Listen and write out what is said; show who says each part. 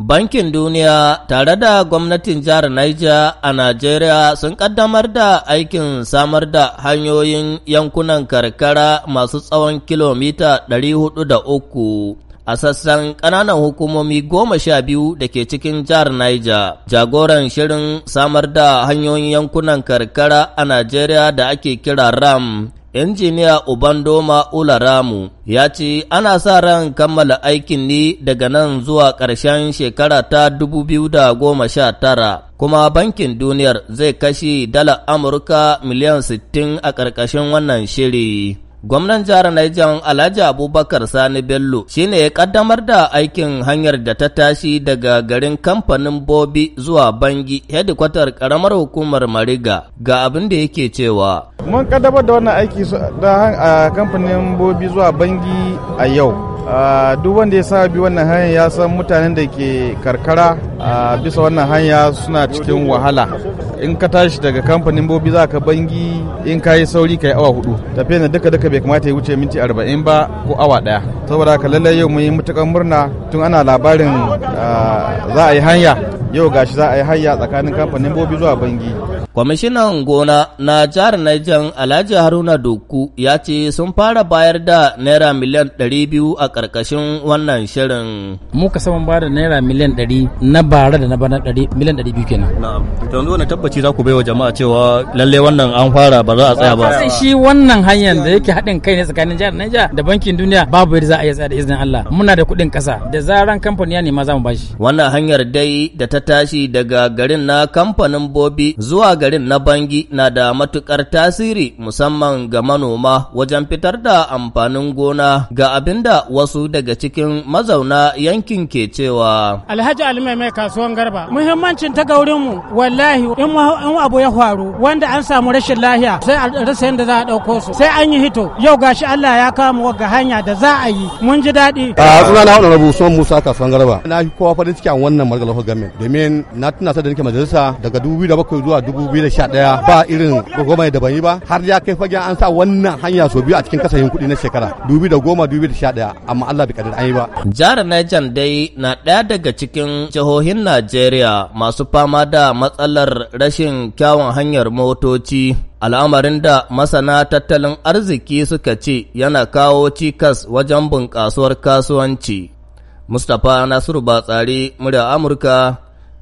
Speaker 1: Bankin Duniya tare da gwamnatin jihar Niger a Najeriya sun ƙaddamar da aikin samar da hanyoyin yankunan karkara masu tsawon kilomita 403 a sassan ƙananan hukumomi goma sha biyu da ke cikin jihar Niger. Jagoran shirin samar da hanyoyin yankunan karkara a Najeriya da ake kira RAM. Injiniya Ubandoma Ularamu ya ce ana sa ran kammala aikin ne daga nan zuwa ƙarshen shekara ta 2019 kuma bankin duniyar zai kashe dala Amurka miliyan 60 a ƙarƙashin wannan shiri. Gwamnan jihar Niger Alhaji Abubakar Sani Bello shi ne ya kaddamar da aikin hanyar da ta tashi daga garin kamfanin Bobi zuwa Bangi hedikwatar karamar hukumar Mariga ga abin da yake cewa.
Speaker 2: Mun kaddamar da wannan aiki da kamfanin Bobi zuwa Bangi a yau. Ah, duk wanda ya sa bi wannan hanya ya san mutanen da ke karkara ah, bisa wannan hanya suna cikin wahala in ka tashi daga kamfanin bobi za ka bangi in ka yi sauri ka yi awa hudu tafiya na duka duka bai kamata ya wuce minti arba'in ba ko awa daya saboda ka lallai yau mu yi matukar murna tun ana labarin
Speaker 1: ah, za a yi hanya yau gashi za a yi hayya tsakanin kamfanin bobi zuwa bangi kwamishinan gona na jihar Niger Alhaji Haruna Doku ya ce sun fara bayar da naira miliyan 200 a ƙarƙashin wannan shirin. Muka saman bayar da naira miliyan 100 na bara da na bana miliyan 200 kenan. Na'am. To yanzu wani tabbaci za ku baiwa jama'a cewa lalle wannan an fara ba za a tsaya ba. Kasan shi
Speaker 2: wannan hanyar da yake haɗin kai ne tsakanin jihar Niger da bankin duniya babu yadda za a iya tsaya da izinin Allah. Muna da kuɗin ƙasa
Speaker 1: da zaran kamfani ya nema za mu bashi. Wannan hanyar dai da ta tashi daga garin na kamfanin bobi zuwa garin na bangi na da matukar tasiri musamman ga manoma wajen fitar da amfanin gona ga abin da wasu daga cikin mazauna yankin ke cewa.
Speaker 2: Alhaji Alimai mai kasuwan garba. Muhimmancin ta gaurinmu wallahi in abu ya faru wanda an samu rashin lahiya sai a rasa yadda za a ɗauko su sai an yi hito yau gashi Allah ya kama ga hanya da za a yi mun ji daɗi. A suna na wani rabu Musa kasuwan garba. Na kowa farin ciki a wannan margalar gamin domin na tuna sa da nake majalisa daga 2007 zuwa 2011 ba irin goma da ban yi ba har ya kai fagen an sa wannan hanya so biyu a cikin kasashen kuɗi na shekara 2010-2011 amma Allah bai kadar an yi ba.
Speaker 1: Jihar Niger dai na ɗaya daga cikin jihohin Najeriya masu fama da matsalar rashin kyawun hanyar motoci. Al'amarin da masana tattalin arziki suka ce yana kawo cikas wajen bunƙasuwar kasuwanci. Mustapha Nasiru Batsari, murya Amurka,